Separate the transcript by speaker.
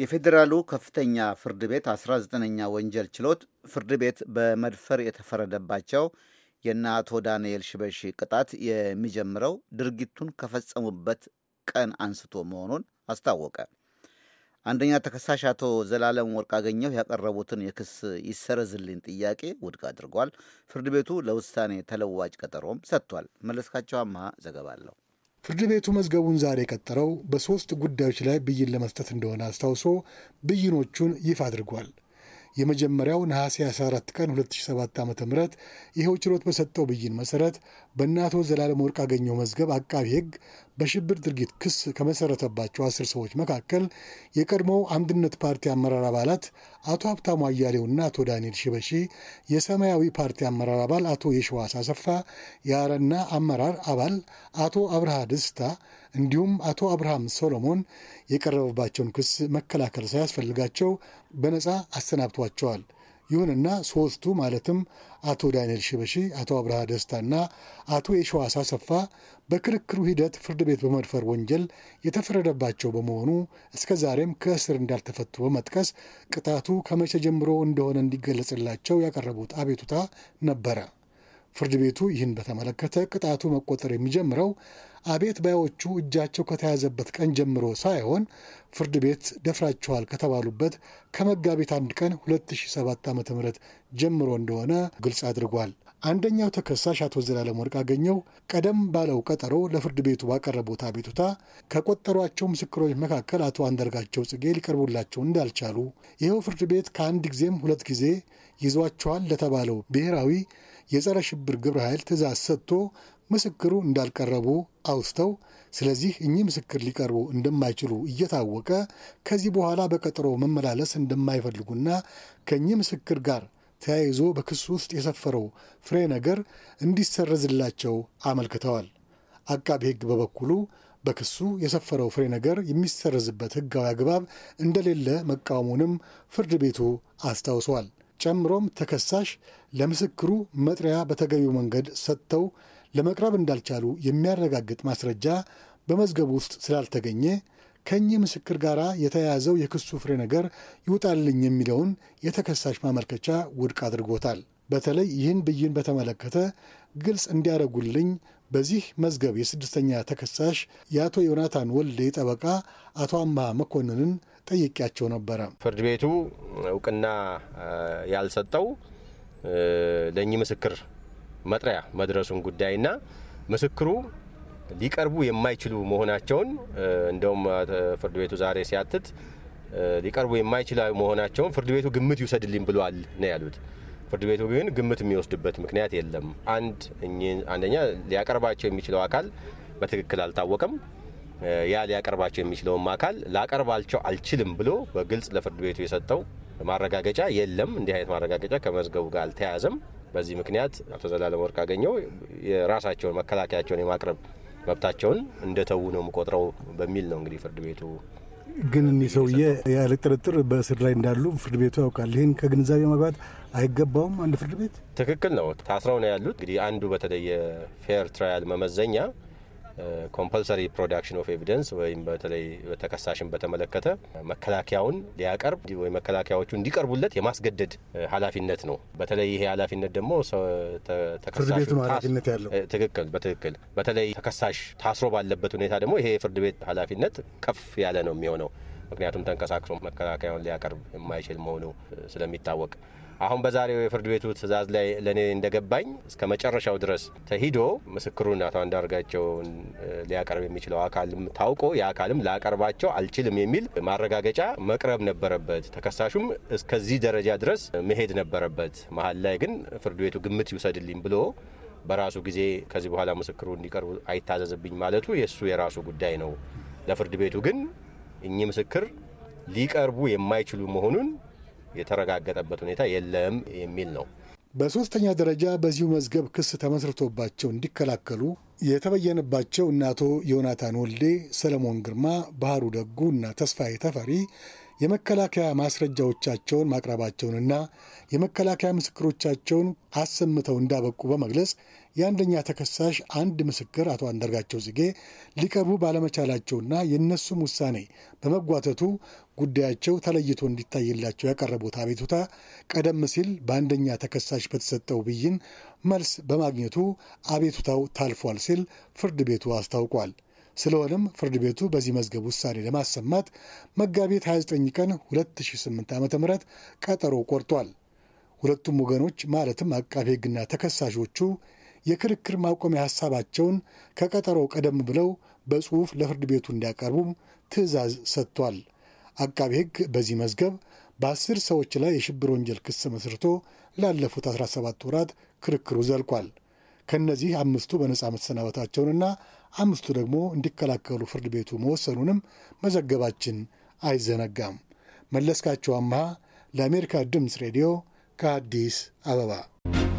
Speaker 1: የፌዴራሉ ከፍተኛ ፍርድ ቤት 19ኛ ወንጀል ችሎት ፍርድ ቤት በመድፈር የተፈረደባቸው የእነ አቶ ዳንኤል ሽበሺ ቅጣት የሚጀምረው ድርጊቱን ከፈጸሙበት ቀን አንስቶ መሆኑን አስታወቀ። አንደኛ ተከሳሽ አቶ ዘላለም ወርቅአገኘሁ ያቀረቡትን የክስ ይሰረዝልኝ ጥያቄ ውድቅ አድርጓል። ፍርድ ቤቱ ለውሳኔ ተለዋጭ ቀጠሮም ሰጥቷል። መለስካቸው አመሃ ዘገባ አለው።
Speaker 2: ፍርድ ቤቱ መዝገቡን ዛሬ የቀጠረው በሦስት ጉዳዮች ላይ ብይን ለመስጠት እንደሆነ አስታውሶ ብይኖቹን ይፋ አድርጓል። የመጀመሪያው ነሐሴ 14 ቀን 2007 ዓ ም ይኸው ችሎት በሰጠው ብይን መሠረት በእነ አቶ ዘላለም ወርቅ አገኘው መዝገብ አቃቢ ሕግ በሽብር ድርጊት ክስ ከመሰረተባቸው አስር ሰዎች መካከል የቀድሞው አንድነት ፓርቲ አመራር አባላት አቶ ሀብታሙ አያሌውና አቶ ዳንኤል ሽበሺ፣ የሰማያዊ ፓርቲ አመራር አባል አቶ የሸዋስ አሰፋ፣ የአረና አመራር አባል አቶ አብርሃ ደስታ እንዲሁም አቶ አብርሃም ሶሎሞን የቀረበባቸውን ክስ መከላከል ሳያስፈልጋቸው በነፃ አሰናብቷቸዋል። ይሁንና ሶስቱ ማለትም አቶ ዳንኤል ሽበሺ፣ አቶ አብርሃ ደስታና አቶ የሸዋስ አሰፋ በክርክሩ ሂደት ፍርድ ቤት በመድፈር ወንጀል የተፈረደባቸው በመሆኑ እስከ ዛሬም ከእስር እንዳልተፈቱ በመጥቀስ ቅጣቱ ከመቼ ጀምሮ እንደሆነ እንዲገለጽላቸው ያቀረቡት አቤቱታ ነበረ። ፍርድ ቤቱ ይህን በተመለከተ ቅጣቱ መቆጠር የሚጀምረው አቤት ባዮቹ እጃቸው ከተያዘበት ቀን ጀምሮ ሳይሆን ፍርድ ቤት ደፍራችኋል ከተባሉበት ከመጋቢት አንድ ቀን 2007 ዓ ም ጀምሮ እንደሆነ ግልጽ አድርጓል። አንደኛው ተከሳሽ አቶ ዘላለም ወርቅ አገኘው ቀደም ባለው ቀጠሮ ለፍርድ ቤቱ ባቀረቡት አቤቱታ ከቆጠሯቸው ምስክሮች መካከል አቶ አንደርጋቸው ጽጌ ሊቀርቡላቸው እንዳልቻሉ ይኸው ፍርድ ቤት ከአንድ ጊዜም ሁለት ጊዜ ይዟቸዋል ለተባለው ብሔራዊ የጸረ ሽብር ግብረ ኃይል ትእዛዝ ሰጥቶ ምስክሩ እንዳልቀረቡ አውስተው ስለዚህ እኚህ ምስክር ሊቀርቡ እንደማይችሉ እየታወቀ ከዚህ በኋላ በቀጠሮ መመላለስ እንደማይፈልጉና ከእኚህ ምስክር ጋር ተያይዞ በክሱ ውስጥ የሰፈረው ፍሬ ነገር እንዲሰረዝላቸው አመልክተዋል። አቃቢ ሕግ በበኩሉ በክሱ የሰፈረው ፍሬ ነገር የሚሰረዝበት ሕጋዊ አግባብ እንደሌለ መቃወሙንም ፍርድ ቤቱ አስታውሷል። ጨምሮም ተከሳሽ ለምስክሩ መጥሪያ በተገቢው መንገድ ሰጥተው ለመቅረብ እንዳልቻሉ የሚያረጋግጥ ማስረጃ በመዝገቡ ውስጥ ስላልተገኘ ከእኚህ ምስክር ጋር የተያያዘው የክሱ ፍሬ ነገር ይውጣልኝ የሚለውን የተከሳሽ ማመልከቻ ውድቅ አድርጎታል። በተለይ ይህን ብይን በተመለከተ ግልጽ እንዲያደርጉልኝ በዚህ መዝገብ የስድስተኛ ተከሳሽ የአቶ ዮናታን ወልዴ ጠበቃ አቶ አምሃ መኮንንን ጠይቄያቸው ነበረ።
Speaker 1: ፍርድ ቤቱ እውቅና ያልሰጠው ለእኚህ ምስክር መጥሪያ መድረሱን ጉዳይና ምስክሩ ሊቀርቡ የማይችሉ መሆናቸውን እንደውም ፍርድ ቤቱ ዛሬ ሲያትት ሊቀርቡ የማይችሉ መሆናቸውን ፍርድ ቤቱ ግምት ይውሰድልኝ ብሏል ነው ያሉት። ፍርድ ቤቱ ግን ግምት የሚወስድበት ምክንያት የለም። አንድ አንደኛ ሊያቀርባቸው የሚችለው አካል በትክክል አልታወቀም። ያ ሊያቀርባቸው የሚችለውም አካል ላቀርባቸው አልችልም ብሎ በግልጽ ለፍርድ ቤቱ የሰጠው ማረጋገጫ የለም። እንዲህ አይነት ማረጋገጫ ከመዝገቡ ጋር አልተያያዘም። በዚህ ምክንያት አቶ ዘላለም ወርቅ አገኘው የራሳቸውን መከላከያቸውን የማቅረብ መብታቸውን እንደተዉ ነው የምቆጥረው በሚል ነው እንግዲህ ፍርድ ቤቱ
Speaker 2: ግን እኒህ ሰውዬ ያለ ጥርጥር በእስር ላይ እንዳሉ ፍርድ ቤቱ ያውቃል። ይህን ከግንዛቤ መግባት አይገባውም አንድ ፍርድ ቤት።
Speaker 1: ትክክል ነው። ታስረው ነው ያሉት። እንግዲህ አንዱ በተለየ ፌር ትራያል መመዘኛ ኮምፐልሰሪ ፕሮዳክሽን ኦፍ ኤቪደንስ ወይም በተለይ ተከሳሽን በተመለከተ መከላከያውን ሊያቀርብ ወይ መከላከያዎቹ እንዲቀርቡለት የማስገደድ ኃላፊነት ነው። በተለይ ይሄ ኃላፊነት ደግሞ ትክክል በትክክል በተለይ ተከሳሽ ታስሮ ባለበት ሁኔታ ደግሞ ይሄ የፍርድ ቤት ኃላፊነት ከፍ ያለ ነው የሚሆነው ምክንያቱም ተንቀሳቅሶ መከላከያውን ሊያቀርብ የማይችል መሆኑ ስለሚታወቅ አሁን በዛሬው የፍርድ ቤቱ ትዕዛዝ ላይ ለእኔ እንደገባኝ እስከ መጨረሻው ድረስ ተሂዶ ምስክሩን አቶ አንዳርጋቸው ሊያቀርብ የሚችለው አካልም ታውቆ የአካልም ላቀርባቸው አልችልም የሚል ማረጋገጫ መቅረብ ነበረበት። ተከሳሹም እስከዚህ ደረጃ ድረስ መሄድ ነበረበት። መሀል ላይ ግን ፍርድ ቤቱ ግምት ይውሰድልኝ ብሎ በራሱ ጊዜ ከዚህ በኋላ ምስክሩ እንዲቀርቡ አይታዘዝብኝ ማለቱ የእሱ የራሱ ጉዳይ ነው። ለፍርድ ቤቱ ግን እኚህ ምስክር ሊቀርቡ የማይችሉ መሆኑን የተረጋገጠበት ሁኔታ የለም የሚል ነው።
Speaker 2: በሶስተኛ ደረጃ በዚሁ መዝገብ ክስ ተመስርቶባቸው እንዲከላከሉ የተበየነባቸው እነ አቶ ዮናታን ወልዴ፣ ሰለሞን ግርማ፣ ባህሩ ደጉ እና ተስፋዬ ተፈሪ የመከላከያ ማስረጃዎቻቸውን ማቅረባቸውንና የመከላከያ ምስክሮቻቸውን አሰምተው እንዳበቁ በመግለጽ የአንደኛ ተከሳሽ አንድ ምስክር አቶ አንዳርጋቸው ጽጌ ሊቀርቡ ባለመቻላቸውና የእነሱም ውሳኔ በመጓተቱ ጉዳያቸው ተለይቶ እንዲታይላቸው ያቀረቡት አቤቱታ ቀደም ሲል በአንደኛ ተከሳሽ በተሰጠው ብይን መልስ በማግኘቱ አቤቱታው ታልፏል ሲል ፍርድ ቤቱ አስታውቋል። ስለሆነም ፍርድ ቤቱ በዚህ መዝገብ ውሳኔ ለማሰማት መጋቢት 29 ቀን 2008 ዓ ም ቀጠሮ ቆርጧል። ሁለቱም ወገኖች ማለትም አቃቤ ሕግና ተከሳሾቹ የክርክር ማቆሚያ ሀሳባቸውን ከቀጠሮ ቀደም ብለው በጽሑፍ ለፍርድ ቤቱ እንዲያቀርቡም ትዕዛዝ ሰጥቷል። አቃቤ ሕግ በዚህ መዝገብ በአስር ሰዎች ላይ የሽብር ወንጀል ክስ መስርቶ ላለፉት 17 ወራት ክርክሩ ዘልቋል። ከእነዚህ አምስቱ በነፃ መሰናበታቸውንና አምስቱ ደግሞ እንዲከላከሉ ፍርድ ቤቱ መወሰኑንም መዘገባችን አይዘነጋም። መለስካቸው አምሃ ለአሜሪካ ድምፅ ሬዲዮ ከአዲስ አበባ